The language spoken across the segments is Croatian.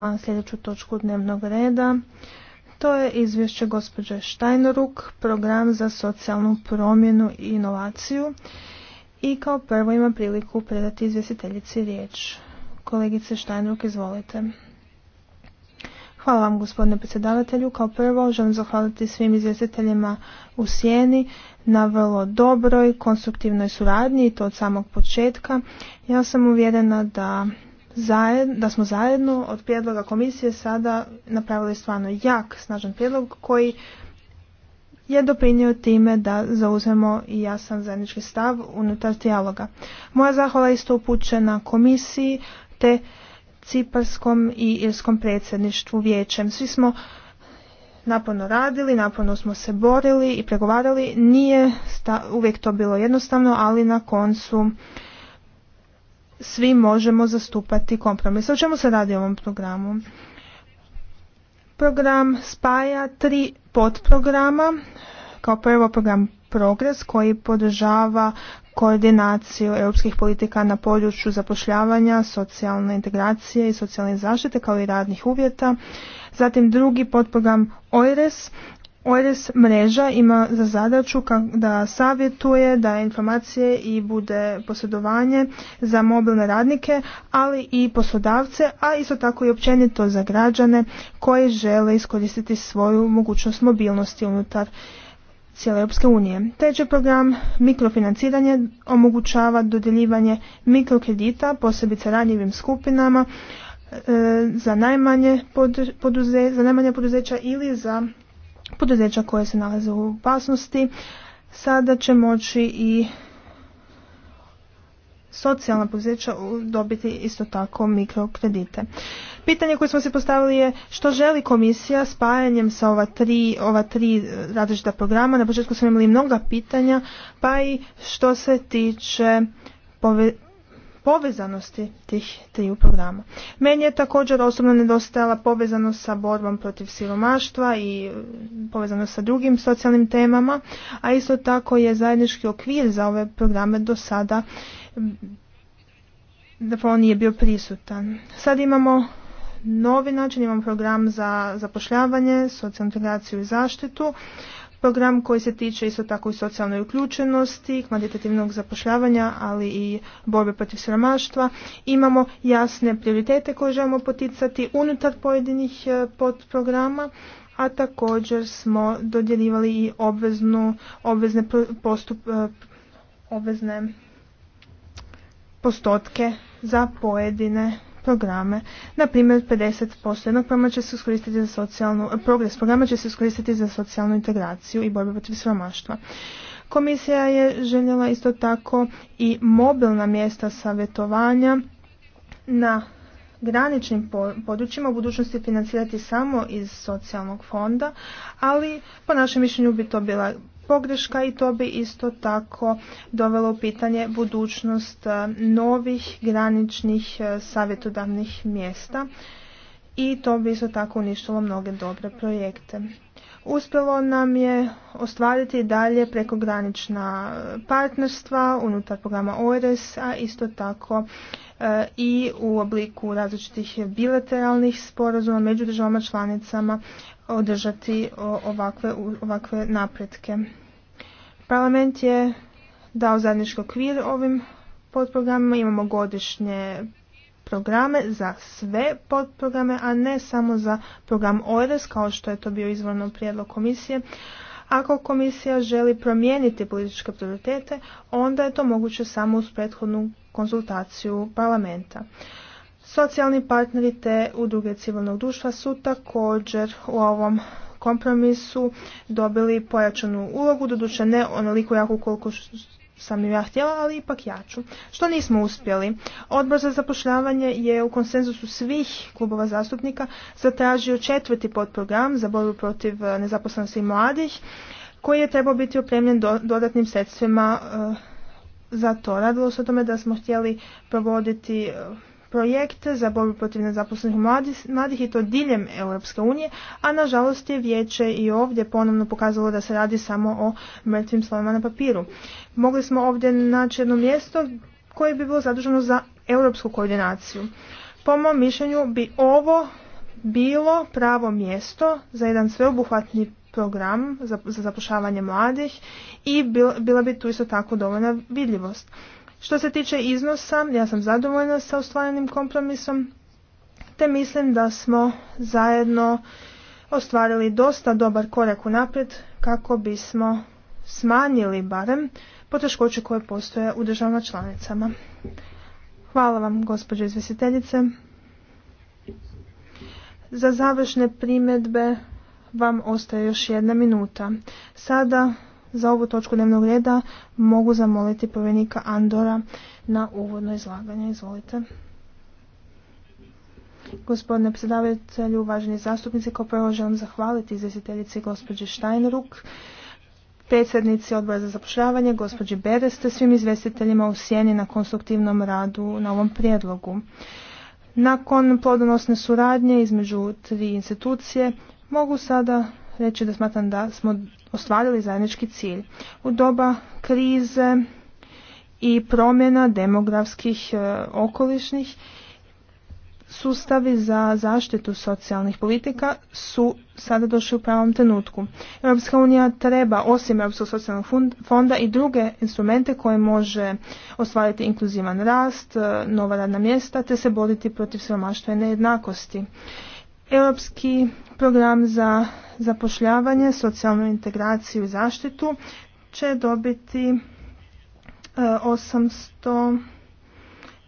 na sljedeću točku dnevnog reda. To je izvješće gospođe Štajnoruk, program za socijalnu promjenu i inovaciju. I kao prvo ima priliku predati izvjestiteljici riječ. Kolegice Štajnoruk, izvolite. Hvala vam gospodine predsjedavatelju. Kao prvo želim zahvaliti svim izvjestiteljima u Sjeni na vrlo dobroj, konstruktivnoj suradnji i to od samog početka. Ja sam uvjerena da zajed, da smo zajedno od prijedloga komisije sada napravili stvarno jak, snažan prijedlog koji je doprinio time da zauzemo i jasan zajednički stav unutar dijaloga. Moja zahvala isto upućena komisiji te Ciparskom i Irskom predsjedništvu vijećem. Svi smo naporno radili, naporno smo se borili i pregovarali. Nije sta, uvijek to bilo jednostavno, ali na koncu svi možemo zastupati kompromis. O čemu se radi u ovom programu? Program spaja tri podprograma. Kao prvo program Progres koji podržava koordinaciju europskih politika na području zapošljavanja, socijalne integracije i socijalne zaštite kao i radnih uvjeta. Zatim drugi podprogram OIRES ORS mreža ima za zadaću da savjetuje, da informacije i bude posjedovanje za mobilne radnike, ali i poslodavce, a isto tako i općenito za građane koji žele iskoristiti svoju mogućnost mobilnosti unutar cijele Europske unije. Treći program mikrofinanciranje omogućava dodjeljivanje mikrokredita, posebice ranjivim skupinama, e, za za najmanje poduzeća ili za poduzeća koje se nalaze u opasnosti sada će moći i socijalna poduzeća dobiti isto tako mikrokredite. Pitanje koje smo se postavili je što želi komisija spajanjem sa ova tri, ova tri različita programa. Na početku smo imali mnoga pitanja, pa i što se tiče povezanosti tih triju programa. Meni je također osobno nedostajala povezanost sa borbom protiv siromaštva i e, povezanost sa drugim socijalnim temama, a isto tako je zajednički okvir za ove programe do sada on nije bio prisutan. Sad imamo novi način, imamo program za zapošljavanje, socijalnu integraciju i zaštitu program koji se tiče isto tako i socijalne uključenosti, kvalitativnog zapošljavanja, ali i borbe protiv siromaštva. Imamo jasne prioritete koje želimo poticati unutar pojedinih e, podprograma, a također smo dodjeljivali i obveznu, obvezne postup, e, obvezne postotke za pojedine programe. Na primjer, 50% jednog programa će se iskoristiti za socijalnu, eh, progres programa će se iskoristiti za socijalnu integraciju i borbu protiv siromaštva. Komisija je željela isto tako i mobilna mjesta savjetovanja na graničnim područjima u budućnosti financirati samo iz socijalnog fonda, ali po našem mišljenju bi to bila pogreška i to bi isto tako dovelo u pitanje budućnost e, novih graničnih e, savjetodavnih mjesta i to bi isto tako uništilo mnoge dobre projekte. Uspjelo nam je ostvariti dalje prekogranična e, partnerstva unutar programa ORS, a isto tako i u obliku različitih bilateralnih sporazuma među državama članicama održati ovakve, napretke. Parlament je dao zajednički okvir ovim podprogramima, imamo godišnje programe za sve podprograme, a ne samo za program OERES kao što je to bio izvorno prijedlog komisije, ako komisija želi promijeniti političke prioritete, onda je to moguće samo uz prethodnu konzultaciju parlamenta. Socijalni partneri te udruge civilnog društva su također u ovom kompromisu dobili pojačanu ulogu, doduše ne onoliko jako koliko sam ju ja htjela, ali ipak ja ću. Što nismo uspjeli? Odbor za zapošljavanje je u konsenzusu svih klubova zastupnika zatražio četvrti podprogram za borbu protiv e, nezaposlenosti mladih koji je trebao biti opremljen dodatnim sredstvima e, za to. Radilo se o tome da smo htjeli provoditi e, projekte za borbu protiv nezaposlenih mladih, i to diljem Europske unije, a nažalost je vijeće i ovdje ponovno pokazalo da se radi samo o mrtvim slovima na papiru. Mogli smo ovdje naći jedno mjesto koje bi bilo zaduženo za europsku koordinaciju. Po mom mišljenju bi ovo bilo pravo mjesto za jedan sveobuhvatni program za, za zapošljavanje mladih i bila bi tu isto tako dovoljna vidljivost. Što se tiče iznosa, ja sam zadovoljna sa ostvarenim kompromisom, te mislim da smo zajedno ostvarili dosta dobar korak unaprijed kako bismo smanjili barem poteškoće koje postoje u državama članicama. Hvala vam, gospođo izvjestiteljice. Za završne primjedbe vam ostaje još jedna minuta. Sada za ovu točku dnevnog reda mogu zamoliti povjerenika Andora na uvodno izlaganje. Izvolite. Gospodine predsjedavatelju, uvaženi zastupnici, kao prvo želim zahvaliti izvjestiteljici gospođi Štajnruk, predsjednici odbora za zapošljavanje, gospođi Beres, svim izvjestiteljima u sjeni na konstruktivnom radu na ovom prijedlogu. Nakon plodonosne suradnje između tri institucije mogu sada reći da smatram da smo ostvarili zajednički cilj. U doba krize i promjena demografskih e, okolišnih sustavi za zaštitu socijalnih politika su sada došli u pravom trenutku. Europska unija treba osim Europskog socijalnog fonda i druge instrumente koje može ostvariti inkluzivan rast, e, nova radna mjesta te se boriti protiv siromaštva i nejednakosti. Europski program za zapošljavanje, socijalnu integraciju i zaštitu će dobiti 800 e,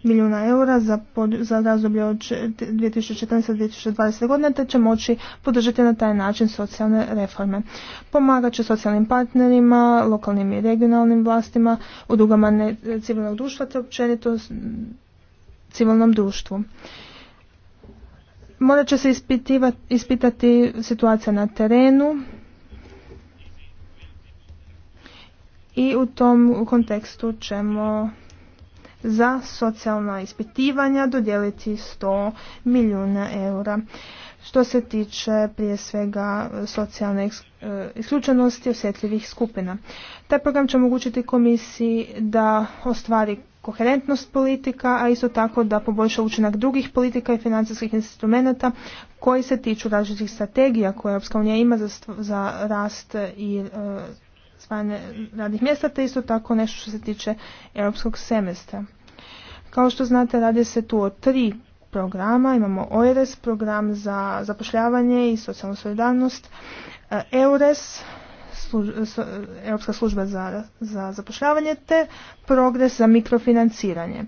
milijuna eura za, za razdoblje od 2014-2020 godine te će moći podržati na taj način socijalne reforme. Pomagat će socijalnim partnerima, lokalnim i regionalnim vlastima, udrugama civilnog društva te općenito civilnom društvu. Morat će se ispitati situacija na terenu i u tom kontekstu ćemo za socijalna ispitivanja dodijeliti 100 milijuna eura što se tiče prije svega socijalne e, isključenosti osjetljivih skupina. Taj program će omogućiti komisiji da ostvari koherentnost politika, a isto tako da poboljša učinak drugih politika i financijskih instrumenata koji se tiču različitih strategija koje Europska unija ima za, za rast i e, radnih mjesta, te isto tako nešto što se tiče europskog semestra. Kao što znate, radi se tu o tri programa, imamo OERES, program za zapošljavanje i socijalnu solidarnost, EURES, e e, Europska služba za, za zapošljavanje, te progres za mikrofinanciranje.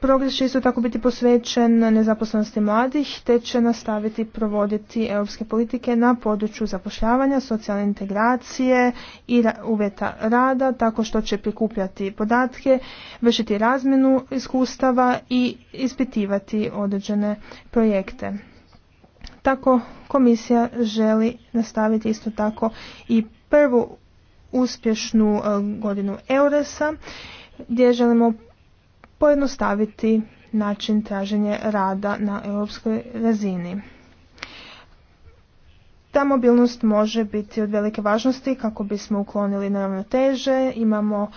Progres će isto tako biti posvećen nezaposlenosti mladih, te će nastaviti provoditi europske politike na području zapošljavanja, socijalne integracije i uvjeta rada, tako što će prikupljati podatke, vršiti razmjenu iskustava i ispitivati određene projekte. Tako komisija želi nastaviti isto tako i prvu uspješnu e, godinu Euresa gdje želimo pojednostaviti način traženja rada na europskoj razini. Ta mobilnost može biti od velike važnosti kako bismo uklonili teže, imamo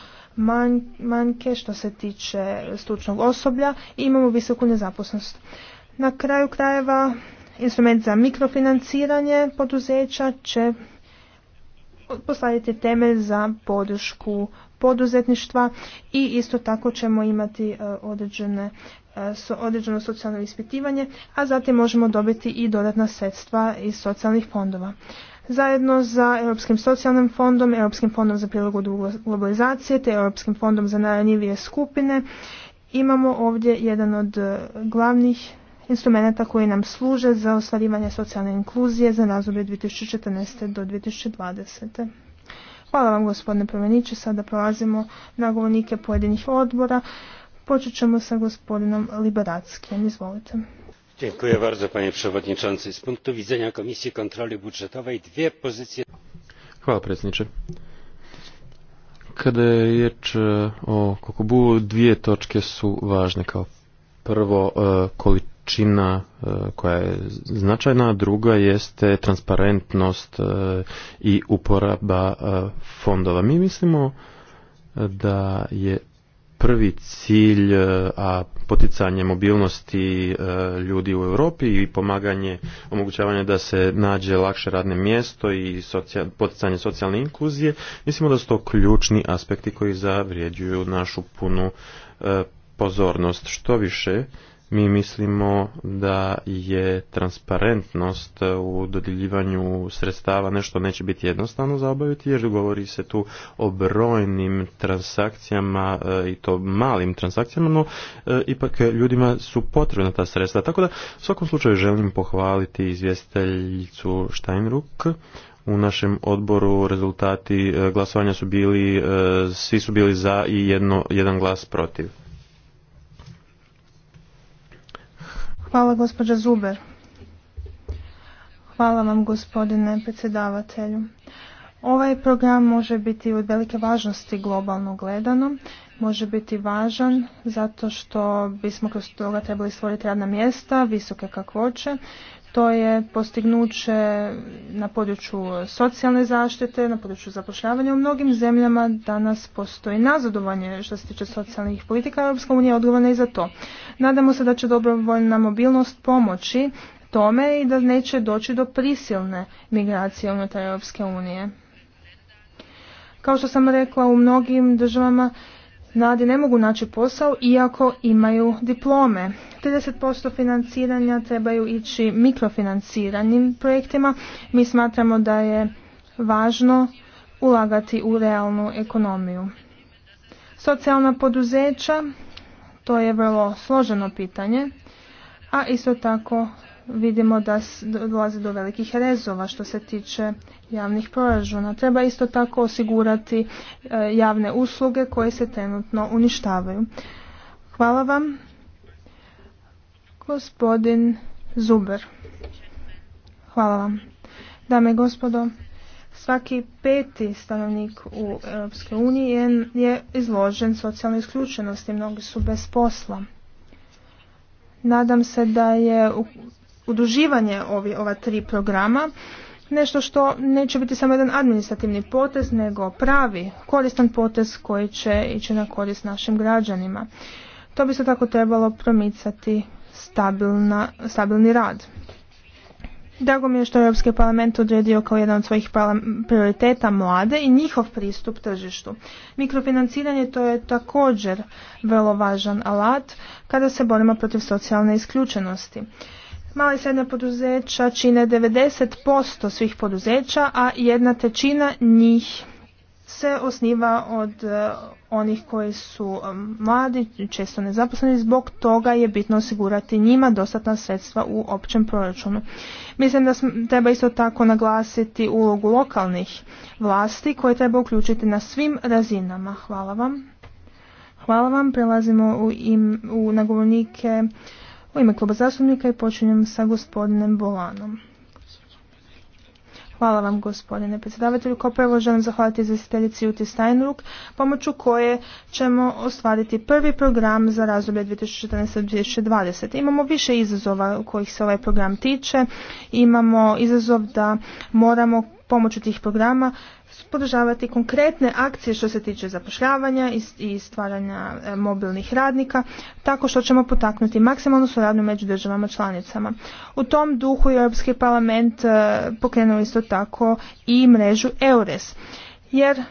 manjke što se tiče stručnog osoblja i imamo visoku nezaposlenost. Na kraju krajeva instrument za mikrofinanciranje poduzeća će postaviti temelj za podršku poduzetništva i isto tako ćemo imati e, određene e, određeno socijalno ispitivanje, a zatim možemo dobiti i dodatna sredstva iz socijalnih fondova. Zajedno za Europskim socijalnim fondom, Europskim fondom za prilagodbu globalizacije te Europskim fondom za najranjivije skupine imamo ovdje jedan od e, glavnih instrumenta koji nam služe za ostvarivanje socijalne inkluzije za razdoblje 2014. do 2020. Hvala vam gospodine Prveniće. Sada prolazimo na govornike pojedinih odbora. Počet ćemo sa gospodinom Liberackim. Izvolite. Dziękuję bardzo panie przewodniczący. Z punktu widzenia Komisji Kontroli Budżetowej dwie pozycje... Hvala predsjedniče. Kada je riječ e, o kokobu, dvije točke su važne kao prvo e, količina čina e, koja je značajna, a druga jeste transparentnost e, i uporaba e, fondova. Mi mislimo da je prvi cilj a poticanje mobilnosti ljudi u Europi i pomaganje omogućavanje da se nađe lakše radne mjesto i poticanje socijalne inkluzije mislimo da su to ključni aspekti koji zavrijeđuju našu punu pozornost što više mi mislimo da je transparentnost u dodjeljivanju sredstava nešto neće biti jednostavno obaviti jer govori se tu o brojnim transakcijama e, i to malim transakcijama, no e, ipak ljudima su potrebna ta sredstva. Tako da u svakom slučaju želim pohvaliti izvjestiteljicu Steinruck u našem odboru rezultati e, glasovanja su bili, svi su bili za i jedno, jedan glas protiv. Hvala gospođa Zuber. Hvala vam gospodine predsjedavatelju. Ovaj program može biti od velike važnosti globalno gledano, može biti važan zato što bismo kroz toga trebali stvoriti radna mjesta, visoke kakvoće, to je postignuće na području socijalne zaštite, na području zapošljavanja. U mnogim zemljama danas postoji nazadovanje što se tiče socijalnih politika. Europska unija je odgovorna i za to. Nadamo se da će dobrovoljna mobilnost pomoći tome i da neće doći do prisilne migracije unutar Europske unije. Kao što sam rekla, u mnogim državama mladi ne mogu naći posao iako imaju diplome. 30% financiranja trebaju ići mikrofinanciranim projektima. Mi smatramo da je važno ulagati u realnu ekonomiju. Socijalna poduzeća, to je vrlo složeno pitanje, a isto tako vidimo da dolazi do velikih rezova što se tiče javnih proračuna. Treba isto tako osigurati e, javne usluge koje se trenutno uništavaju. Hvala vam. Gospodin Zuber. Hvala vam. Dame i gospodo, svaki peti stanovnik u EU je izložen socijalnoj isključenosti, mnogi su bez posla. Nadam se da je Uduživanje ovi, ova tri programa nešto što neće biti samo jedan administrativni potez, nego pravi, koristan potez koji će ići na korist našim građanima. To bi se tako trebalo promicati stabilna, stabilni rad. Drago mi je što je Europski parlament odredio kao jedan od svojih prioriteta mlade i njihov pristup tržištu. Mikrofinanciranje to je također vrlo važan alat kada se borimo protiv socijalne isključenosti. Mala i srednja poduzeća čine 90% svih poduzeća, a jedna tečina njih se osniva od e, onih koji su e, mladi, često nezaposleni, zbog toga je bitno osigurati njima dostatna sredstva u općem proračunu. Mislim da treba isto tako naglasiti ulogu lokalnih vlasti koje treba uključiti na svim razinama. Hvala vam. Hvala vam, prelazimo u, u nagovornike u ime kluba zastupnika i počinjem sa gospodinem Bolanom. Hvala vam gospodine predsjedavatelju. Kao prvo želim zahvaliti izvjestiteljici Juti Steinruck pomoću koje ćemo ostvariti prvi program za razdoblje 2014-2020. Imamo više izazova kojih se ovaj program tiče. Imamo izazov da moramo pomoću tih programa podržavati konkretne akcije što se tiče zapošljavanja i stvaranja e, mobilnih radnika, tako što ćemo potaknuti maksimalnu suradnju među državama članicama. U tom duhu je Europski parlament e, pokrenuo isto tako i mrežu EURES, jer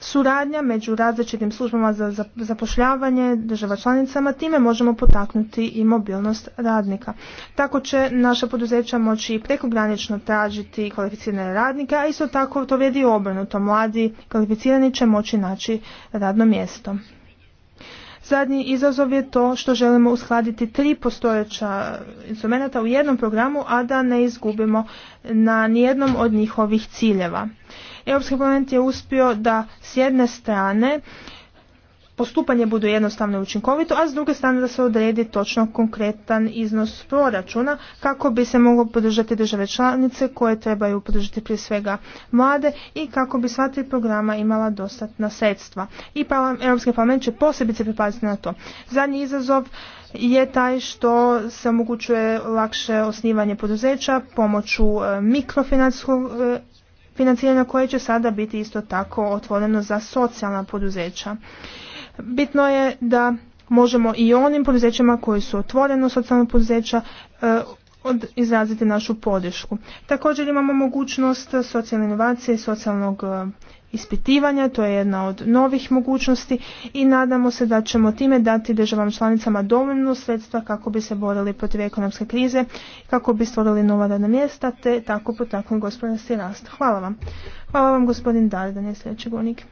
suradnja među različitim službama za zapošljavanje država članicama, time možemo potaknuti i mobilnost radnika. Tako će naša poduzeća moći prekogranično tražiti kvalificirane radnike, a isto tako to vrijedi obrnuto. Mladi kvalificirani će moći naći radno mjesto. Zadnji izazov je to što želimo uskladiti tri postojeća instrumenta u jednom programu, a da ne izgubimo na nijednom od njihovih ciljeva. Europski parlament je uspio da s jedne strane postupanje bude jednostavno i učinkovito, a s druge strane da se odredi točno konkretan iznos proračuna kako bi se moglo podržati države članice koje trebaju podržati prije svega mlade i kako bi sva tri programa imala dostatna sredstva. I Europski parlament će posebice pripaziti na to. Zadnji izazov je taj što se omogućuje lakše osnivanje poduzeća pomoću e, mikrofinanskog e, financiranja koje će sada biti isto tako otvoreno za socijalna poduzeća. Bitno je da možemo i onim poduzećima koji su otvoreno socijalna poduzeća e, izraziti našu podršku. Također imamo mogućnost socijalne inovacije i socijalnog e, ispitivanja, to je jedna od novih mogućnosti i nadamo se da ćemo time dati državama članicama dovoljno sredstva kako bi se borili protiv ekonomske krize, kako bi stvorili nova radna mjesta te tako potaknuli gospodarski rast. Hvala vam. Hvala vam gospodin Dardan je sljedeći gonik.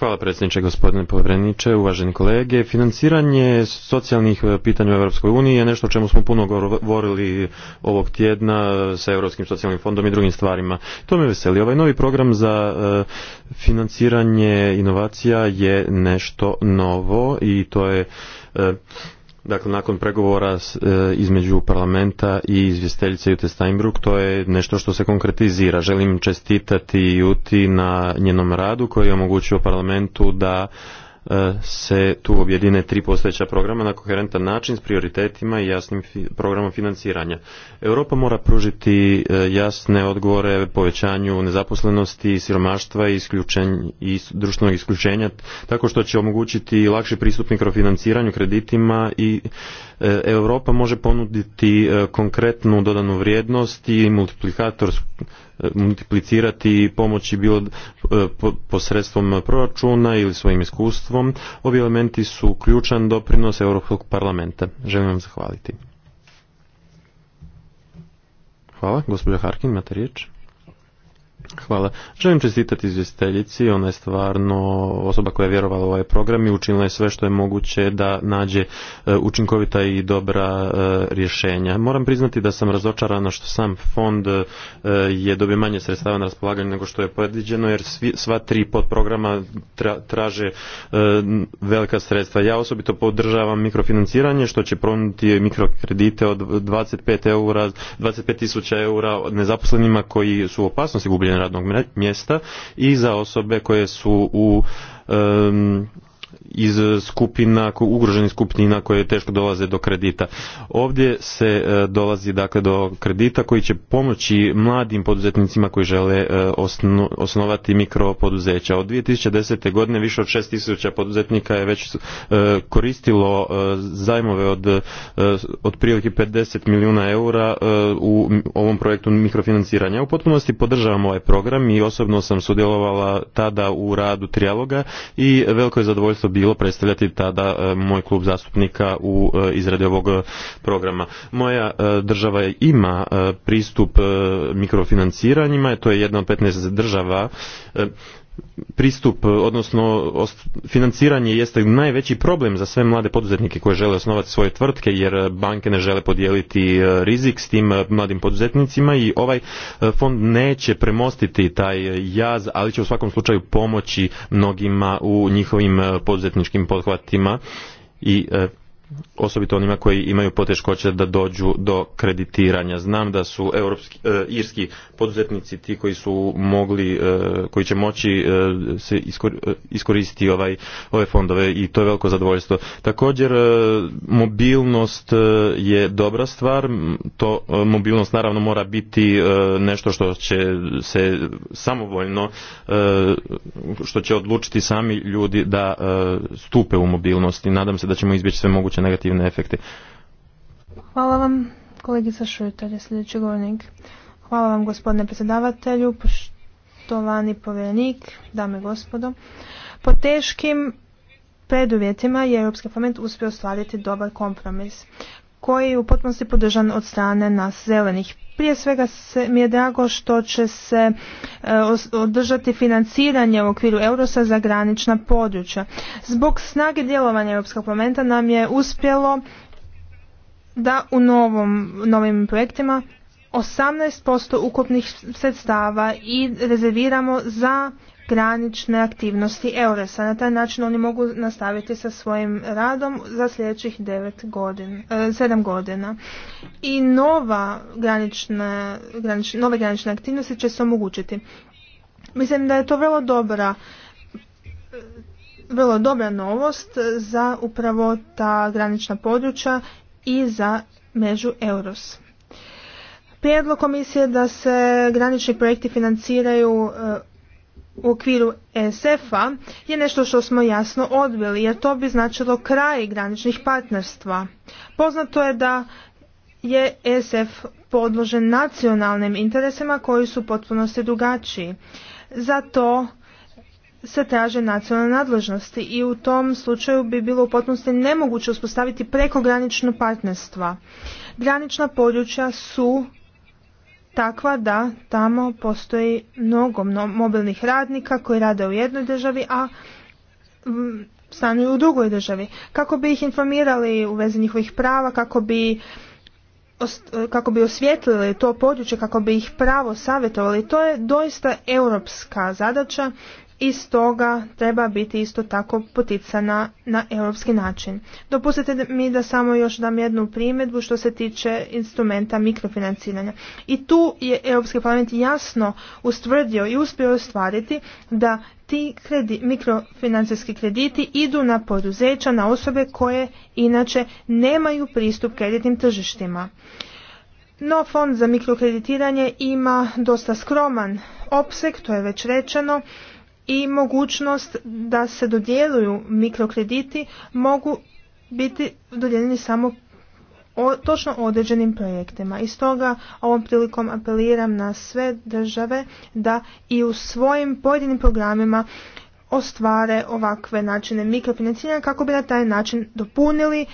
Hvala predsjedniče, gospodine povjereniče, uvaženi kolege. Financiranje socijalnih e, pitanja u Europskoj je nešto o čemu smo puno govorili ovog tjedna sa Europskim socijalnim fondom i drugim stvarima. To me veseli. Ovaj novi program za e, financiranje inovacija je nešto novo i to je e, Dakle, nakon pregovora e, između parlamenta i izvjesteljice Jute Steinbrück, to je nešto što se konkretizira. Želim čestitati Juti na njenom radu koji je omogućio parlamentu da E, se tu objedine tri postojeća programa na koherentan način s prioritetima i jasnim programom financiranja. Europa mora pružiti e, jasne odgovore povećanju nezaposlenosti, siromaštva i, i društvenog isključenja tako što će omogućiti lakši pristup mikrofinanciranju kreditima i E, Europa može ponuditi e, konkretnu dodanu vrijednost i multiplikator e, multiplicirati i pomoći bilo posredstvom proračuna ili svojim iskustvom. Ovi elementi su ključan doprinos Europskog parlamenta. Želim vam zahvaliti. Hvala. Gospođa Harkin, imate riječ. Hvala. Želim čestitati izvjestiteljici, ona je stvarno osoba koja je vjerovala u ovaj program i učinila je sve što je moguće da nađe e, učinkovita i dobra e, rješenja. Moram priznati da sam razočarana što sam fond e, je dobio manje sredstava na raspolaganju nego što je predviđeno jer sva tri podprograma traže velika sredstva. Ja osobito podržavam mikrofinanciranje što će pronuti mikrokredite od 25 eura, tisuća eura nezaposlenima koji su u opasnosti gubljene radnog mjesta i za osobe koje su u iz skupina, ugroženih skupina koje teško dolaze do kredita. Ovdje se e, dolazi dakle do kredita koji će pomoći mladim poduzetnicima koji žele e, osnovati osnovati mikropoduzeća. Od 2010. godine više od 6000 poduzetnika je već e, koristilo zajmove od otprilike 50 milijuna eura u ovom projektu mikrofinanciranja. U potpunosti podržavam ovaj program i osobno sam sudjelovala tada u radu trijaloga i veliko je zadovoljstvo bi bilo predstavljati tada e, moj klub zastupnika u e, izradi ovog e, programa. Moja država ima pristup mikrofinanciranjima, to je jedna od 15 država pristup, odnosno financiranje jeste najveći problem za sve mlade poduzetnike koji žele osnovati svoje tvrtke jer e, banke ne žele podijeliti e, rizik s tim e, mladim poduzetnicima i ovaj fond neće premostiti taj jaz, ali će u svakom slučaju pomoći mnogima u njihovim poduzetničkim pothvatima i osobito onima koji imaju poteškoće da dođu do kreditiranja. Znam da su europski, e, irski poduzetnici ti koji su mogli, e, koji će moći e, se e, iskoristiti ovaj, ove fondove i to je veliko zadovoljstvo. Također mobilnost je dobra stvar, to mobilnost naravno mora biti nešto što će se samovoljno, što će odlučiti sami ljudi da stupe u mobilnost i nadam se da ćemo izbjeći sve moguće negativne efekte. Hvala vam, kolegica sljedeći govornik. Hvala vam, gospodine predsjedavatelju, poštovani povjerenik, dame i gospodo. Po teškim preduvjetima je Europski parlament uspio ostvariti dobar kompromis koji je u potpunosti podržan od strane nas zelenih prije svega mi je drago što će se e, održati financiranje u okviru Eurosa za granična područja. Zbog snage djelovanja Europskog parlamenta nam je uspjelo da u novim projektima 18% ukupnih sredstava i rezerviramo za granične aktivnosti Euresa. Na taj način oni mogu nastaviti sa svojim radom za sljedećih 9 godin, 7 e, godina. I nova granična, nove granične aktivnosti će se omogućiti. Mislim da je to vrlo dobra e, vrlo dobra novost za upravo ta granična područja i za među Euros. Prijedlog komisije da se granični projekti financiraju e, u okviru SF-a je nešto što smo jasno odbili, jer to bi značilo kraj graničnih partnerstva. Poznato je da je SF podložen nacionalnim interesima koji su potpunosti drugačiji. Zato se traže nacionalne nadležnosti i u tom slučaju bi bilo u potpunosti nemoguće uspostaviti prekogranično partnerstva. Granična područja su takva da tamo postoji mnogo mobilnih radnika koji rade u jednoj državi, a stanuju u drugoj državi. Kako bi ih informirali u vezi njihovih prava, kako bi kako bi osvijetlili to područje, kako bi ih pravo savjetovali, to je doista europska zadaća i stoga treba biti isto tako poticana na europski način. Dopustite mi da samo još dam jednu primjedbu što se tiče instrumenta mikrofinanciranja. I tu je Europski parlament jasno ustvrdio i uspio ostvariti da ti kredi, mikrofinancijski krediti idu na poduzeća, na osobe koje inače nemaju pristup kreditnim tržištima. No, fond za mikrokreditiranje ima dosta skroman opseg, to je već rečeno, i mogućnost da se dodjeluju mikrokrediti mogu biti dodijeljeni samo točno određenim projektima. I stoga ovom prilikom apeliram na sve države da i u svojim pojedinim programima ostvare ovakve načine mikrofinanciranja kako bi na taj način dopunili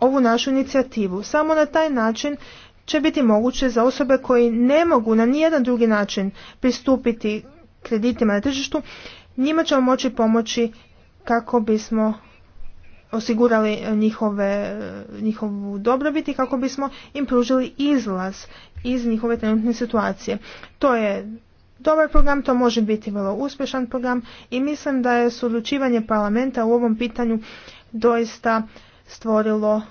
ovu našu inicijativu. Samo na taj način će biti moguće za osobe koji ne mogu na nijedan drugi način pristupiti kreditima na tržištu, njima ćemo moći pomoći kako bismo osigurali njihove, njihovu dobrobit i kako bismo im pružili izlaz iz njihove trenutne situacije. To je dobar program, to može biti vrlo uspješan program i mislim da je sudlučivanje parlamenta u ovom pitanju doista stvorilo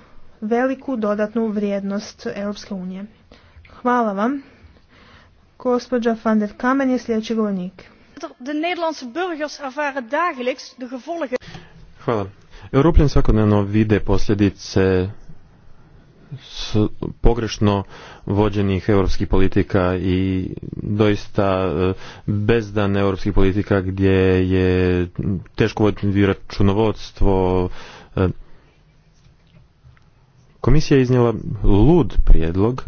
veliku dodatnu vrijednost Europske unije. Hvala vam. Gospođa van der Kamen je sljedeći govornik. Hvala. Europljani svakodnevno vide posljedice pogrešno vođenih europskih politika i doista e, bezdan europskih politika gdje je teško voditi računovodstvo. E. Komisija je iznijela lud prijedlog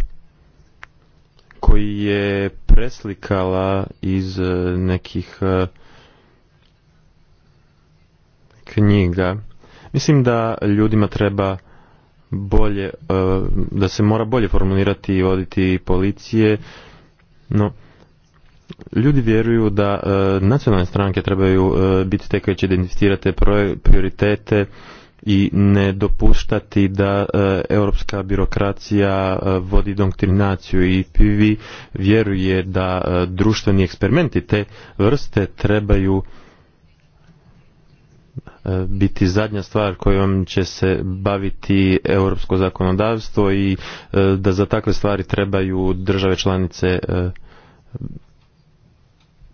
koji je preslikala iz e, nekih e, knjiga. Mislim da ljudima treba bolje, e, da se mora bolje formulirati i voditi policije, no ljudi vjeruju da nacionalne stranke trebaju biti te koje će identificirati prioritete i ne dopuštati da e, europska birokracija e, vodi doktrinaciju i pivi vjeruje da e, društveni eksperimenti te vrste trebaju biti zadnja stvar kojom će se baviti europsko zakonodavstvo i da za takve stvari trebaju države članice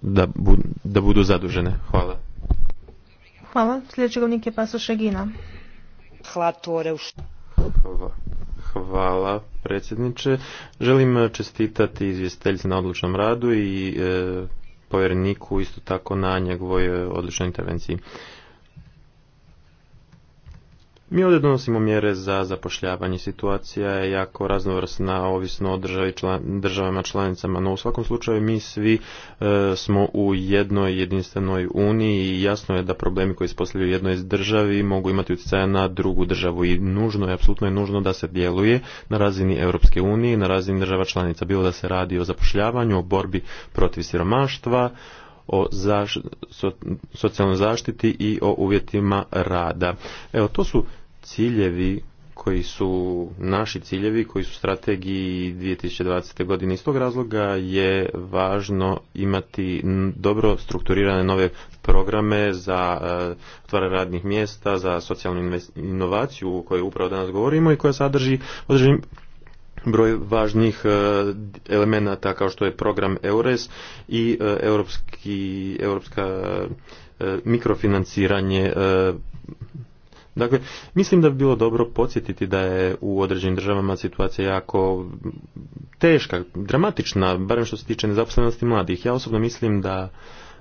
da, da budu zadužene. Hvala. Hvala. Sljedeći govnik je Paso Šegina. Hvala predsjedniče. Želim e, čestitati izvjestiteljici na odlučnom radu i e, povjereniku isto tako na njegovoj e, odličnoj intervenciji. Mi ovdje donosimo mjere za zapošljavanje. Situacija je jako raznovrsna, ovisno o državi, državama članicama, no u svakom slučaju mi svi e, smo u jednoj jedinstvenoj uniji i jasno je da problemi koji se u jednoj državi mogu imati utjecaja na drugu državu i nužno je, apsolutno je nužno da se djeluje na razini Europske unije, na razini država članica, bilo da se radi o zapošljavanju, o borbi protiv siromaštva, o socijalnoj zaštiti i o uvjetima rada. Evo, to su ciljevi koji su naši ciljevi, koji su strategiji 2020. godine. Iz tog razloga je važno imati dobro strukturirane nove programe za e, otvaranje radnih mjesta, za socijalnu inovaciju o kojoj upravo danas govorimo i koja sadrži određen broj važnih e, elemenata kao što je program EURES i e, europski, europska mikrofinanciranje Dakle, mislim da bi bilo dobro podsjetiti da je u određenim državama situacija jako teška, dramatična, barem što se tiče nezaposlenosti mladih. Ja osobno mislim da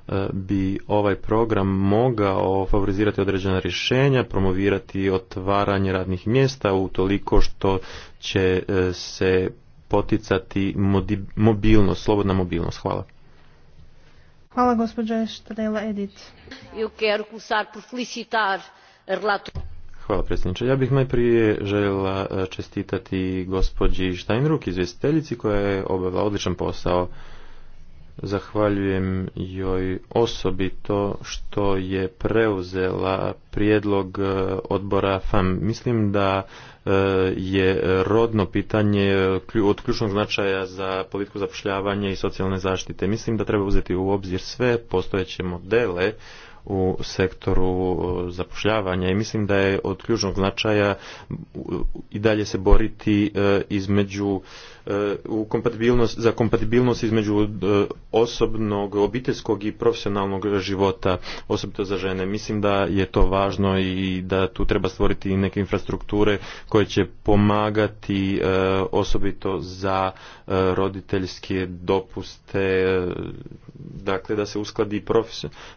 e, bi ovaj program mogao favorizirati određena rješenja, promovirati otvaranje radnih mjesta utoliko što će e, se poticati mobilnost, slobodna mobilnost. Hvala. Hvala gospođa Štrela Edit. Eu Hvala predsjedniče. Ja bih najprije željela e, čestitati gospođi Štajnruk, izvjestiteljici koja je obavila odličan posao. Zahvaljujem joj osobito što je preuzela prijedlog e, odbora FAM. Mislim da e, je rodno pitanje od ključnog značaja za politiku zapošljavanja i socijalne zaštite. Mislim da treba uzeti u obzir sve postojeće modele u sektoru e, zapošljavanja i mislim da je od ključnog značaja e, i dalje se boriti e, između u kompatibilnost, za kompatibilnost između osobnog, obiteljskog i profesionalnog života, osobito za žene. Mislim da je to važno i da tu treba stvoriti neke infrastrukture koje će pomagati osobito za roditeljske dopuste, dakle da se uskladi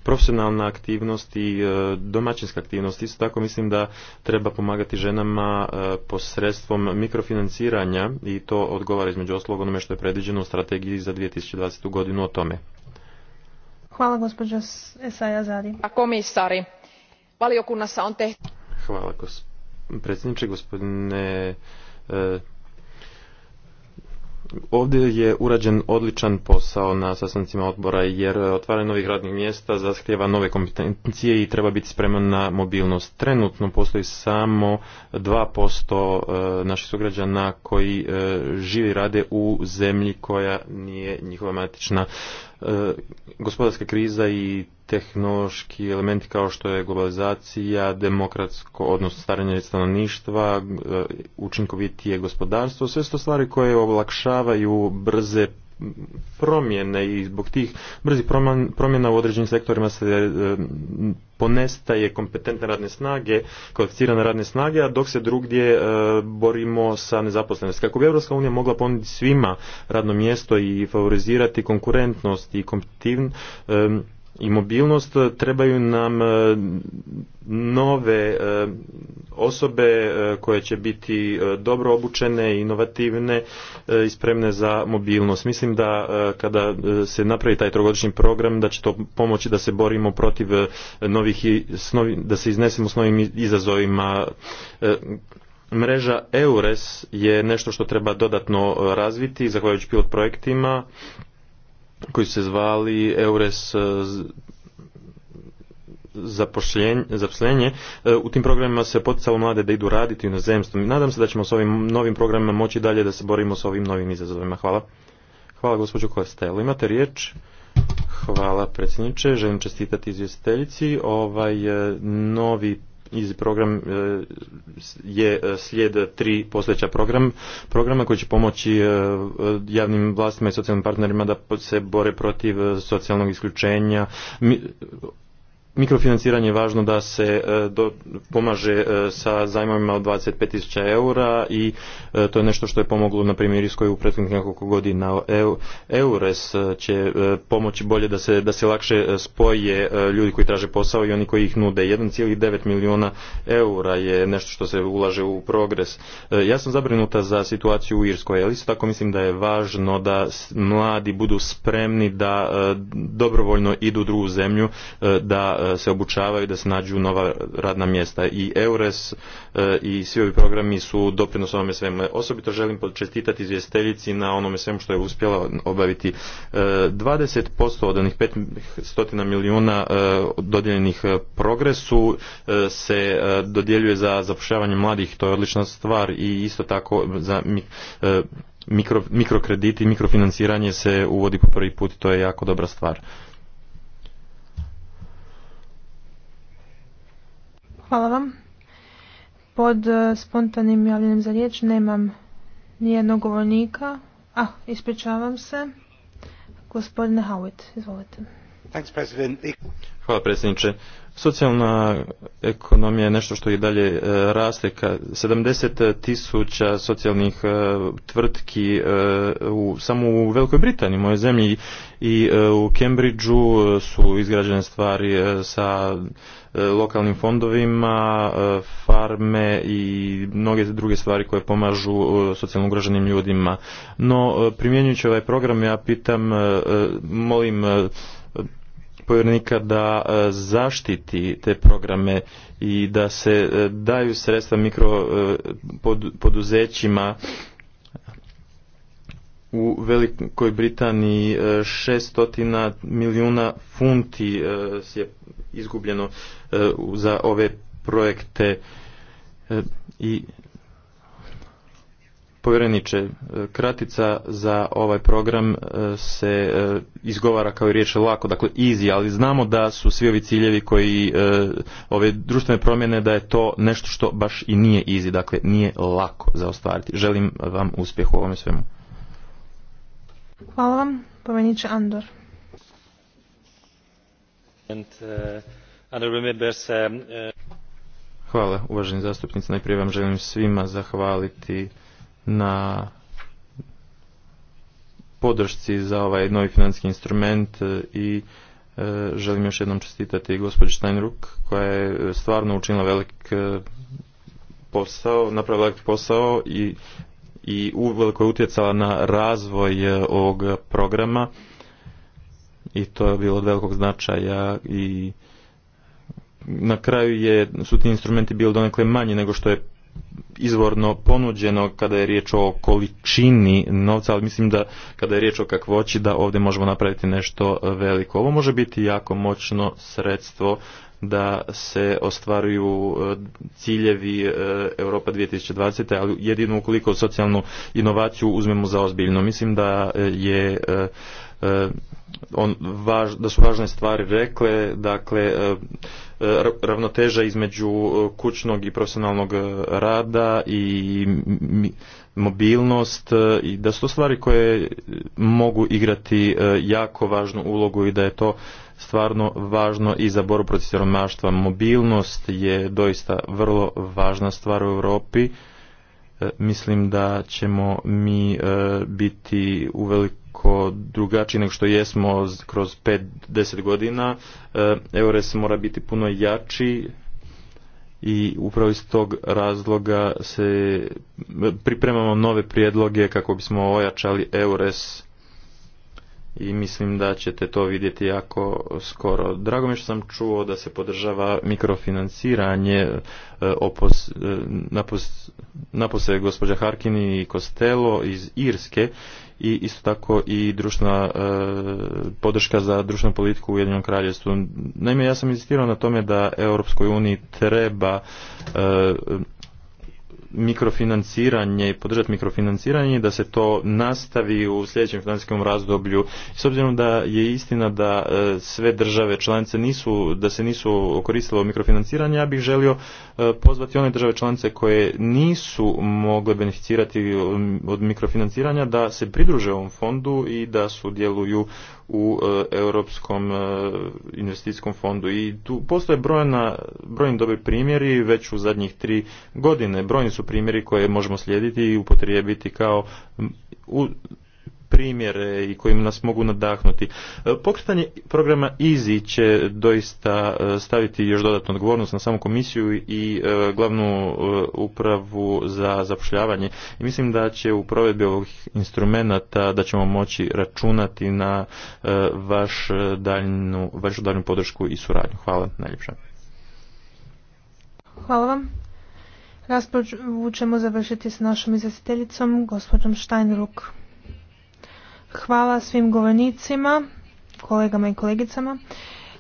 profesionalna aktivnosti, e, i aktivnosti. Isto tako mislim da treba pomagati ženama e, posredstvom mikrofinanciranja i to odgovara između ostalog onome što je predviđeno u strategiji za 2020. godinu o tome. Hvala gospođo Esaja Zadi. A komisari, valiokunnassa on te... Hvala predsjedniče, gospodine e, Ovdje je urađen odličan posao na sastancima odbora jer otvaranje novih radnih mjesta zahtjeva nove kompetencije i treba biti spreman na mobilnost. Trenutno postoji samo 2% e, naših sugrađana koji e, živi i rade u zemlji koja nije njihova matična e, gospodarska kriza i tehnološki elementi kao što je globalizacija, demokratsko, odnosno staranje stanovništva, e, učinkovitije gospodarstvo, sve su to stvari koje olakšavaju brze promjene i zbog tih brzih promjena u određenim sektorima se e, ponestaje kompetentne radne snage, kvalificirane radne snage, a dok se drugdje e, borimo sa nezaposlenosti. Kako bi Europska unija mogla ponuditi svima radno mjesto i favorizirati konkurentnost i kompetitivnost, i mobilnost e, trebaju nam e, nove e, osobe koje će biti dobro obučene, inovativne i spremne za mobilnost. Mislim da kada se napravi taj trogodišnji program da će to pomoći da se borimo protiv novih da se iznesemo s novim izazovima mreža EURES je nešto što treba dodatno razviti zahvaljujući pilot projektima koji se zvali Eures e, zaposlenje. E, u tim programima se poticalo mlade da idu raditi u inozemstvu. Nadam se da ćemo s ovim novim programima moći dalje da se borimo s ovim novim izazovima. Hvala. Hvala gospođo Kostelo. Imate riječ? Hvala predsjedniče. Želim čestitati izvjestiteljici. Ovaj e, novi iz program e, je e, slijed tri postojeća program, programa koji će pomoći e, javnim vlastima i socijalnim partnerima da se bore protiv socijalnog isključenja, Mikrofinanciranje je važno da se e, pomaže e, sa zajmovima od 25.000 eura i e, to je nešto što je pomoglo na primjer Irskoj u prethodnih nekoliko godina. Eures će pomoći bolje da se, da se lakše spoje ljudi koji traže posao i oni koji ih nude. 1,9 milijuna eura je nešto što se ulaže u progres. Ja sam zabrinuta za situaciju u Irskoj, ali isto tako mislim da je važno da mladi budu spremni da dobrovoljno idu u drugu zemlju, da se obučavaju, da se nađu nova radna mjesta. I EURES e, i svi ovi programi su doprinos ovome svemu. Osobito želim čestitati izvjestiteljici na onome svemu što je uspjela obaviti. 20% e, od onih 500 milijuna e, dodijeljenih progresu se dodjeljuje za zapošljavanje mladih, to je odlična stvar i isto tako za mikrokrediti, mikro mikrofinanciranje se uvodi po prvi put i to je jako dobra stvar. Hvala vam. Pod e, spontanim javljenim za riječ nemam nijednog govornika. Ah, ispričavam se. Gospodine Howitt, izvolite. Thanks, President. Hvala predsjedniče. Socijalna ekonomija je nešto što i dalje e, raste. 70 tisuća socijalnih e, tvrtki e, u, samo u Velikoj Britaniji, moje zemlji, i u Cambridgeu su izgrađene stvari sa lokalnim fondovima, farme i mnoge druge stvari koje pomažu socijalno ugroženim ljudima. No, primjenjujući ovaj program, ja pitam, molim povjernika da e, zaštiti te programe i da se e, daju sredstva mikro e, poduzećima u Velikoj Britaniji 600 milijuna funti je izgubljeno za ove projekte i Povjereniče, e, kratica za ovaj program e, se e, izgovara kao i riječ lako, dakle easy, ali znamo da su svi ovi ciljevi koji ove društvene promjene da je to nešto što baš i nije easy, dakle nije lako za ostvariti. Želim vam uspjeh u ovome svemu. Hvala vam, povjereniče Andor. Uh, um, uh, Hvala uvaženi zastupnici. Najprije vam želim svima zahvaliti na podršci za ovaj novi financijski instrument e, i e, želim još jednom čestitati gospođi Steinruck koja je stvarno učinila velik e, posao, napravila velik posao i, i uveliko je utjecala na razvoj ovog programa i to je bilo od velikog značaja i na kraju je, su ti instrumenti bili donekle manji nego što je izvorno ponuđeno kada je riječ o količini novca, ali mislim da kada je riječ o kakvoći da ovdje možemo napraviti nešto veliko. Ovo može biti jako moćno sredstvo da se ostvaruju e, ciljevi e, Europa 2020. ali jedino ukoliko socijalnu inovaciju uzmemo za ozbiljno. Mislim da je e, E, on, važ, da su važne stvari rekle, dakle e, e, ravnoteža između kućnog i profesionalnog rada i mobilnost i da su to stvari koje mogu igrati jako važnu ulogu i da je to stvarno važno i za borbu protiv siromaštva. Mobilnost je doista vrlo važna stvar u Europi. E, mislim da ćemo mi e, biti uveliko drugačiji nego što jesmo kroz 5-10 godina. E, eures mora biti puno jači i upravo iz tog razloga se pripremamo nove prijedloge kako bismo ojačali Eures i mislim da ćete to vidjeti jako skoro. Drago mi što sam čuo da se podržava mikrofinanciranje e, opos, e, napos, gospođa Harkini i Kostelo iz Irske i isto tako i društvena e, podrška za društvenu politiku u Ujedinjenom kraljevstvu. Naime, ja sam insistirao na tome da Europskoj uniji treba mikrofinanciranje i podržati mikrofinanciranje da se to nastavi u sljedećem financijskom razdoblju. S obzirom da je istina da e, sve države članice nisu, da se nisu koristile mikrofinanciranje, ja bih želio e, pozvati one države članice koje nisu mogle beneficirati od mikrofinanciranja da se pridruže ovom fondu i da sudjeluju u e, Europskom investicijskom fondu. I tu postoje brojna, brojni dobri primjeri već u zadnjih tri godine. Brojni su primjeri koje možemo slijediti i upotrijebiti kao primjere i kojim nas mogu nadahnuti. E, pokretanje programa EASY će doista e, staviti još dodatnu odgovornost na samu komisiju i e, glavnu upravu za zapošljavanje. I mislim da će u provedbi ovih instrumenata da ćemo moći računati na vaš daljnu, vašu daljnu podršku i suradnju. Hvala najljepša. Hvala vam. Raspravu ćemo završiti s našom izvjestiteljicom, gospođom Steinruck. Hvala svim govornicima, kolegama i kolegicama.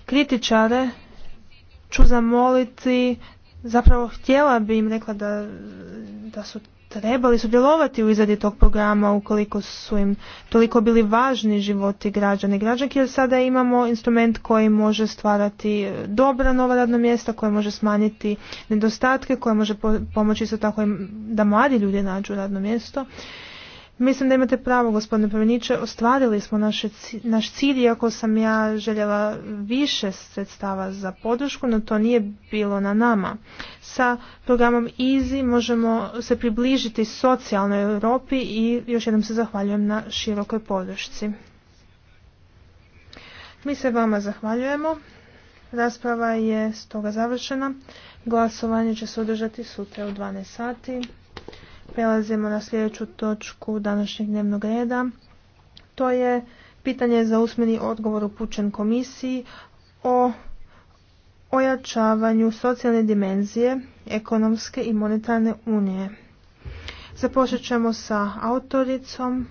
Kritičare ću zamoliti, zapravo htjela bi im rekla da, da su trebali sudjelovati u izradi tog programa ukoliko su im toliko bili važni životi građana i građanki jer sada imamo instrument koji može stvarati e, dobra nova radna mjesta, koje može smanjiti nedostatke, koje može pomoći isto tako da mladi ljudi nađu radno mjesto. Mislim da imate pravo, gospodine Pavljeniče, ostvarili smo naš cilj, iako sam ja željela više sredstava za podršku, no to nije bilo na nama. Sa programom EASY možemo se približiti socijalnoj Europi i još jednom se zahvaljujem na širokoj podršci. Mi se vama zahvaljujemo. Rasprava je stoga završena. Glasovanje će se održati sutra u 12 sati. Prelazimo na sljedeću točku današnjeg dnevnog reda. To je pitanje za usmeni odgovor upućen komisiji o ojačavanju socijalne dimenzije ekonomske i monetarne unije. Započet ćemo sa autoricom.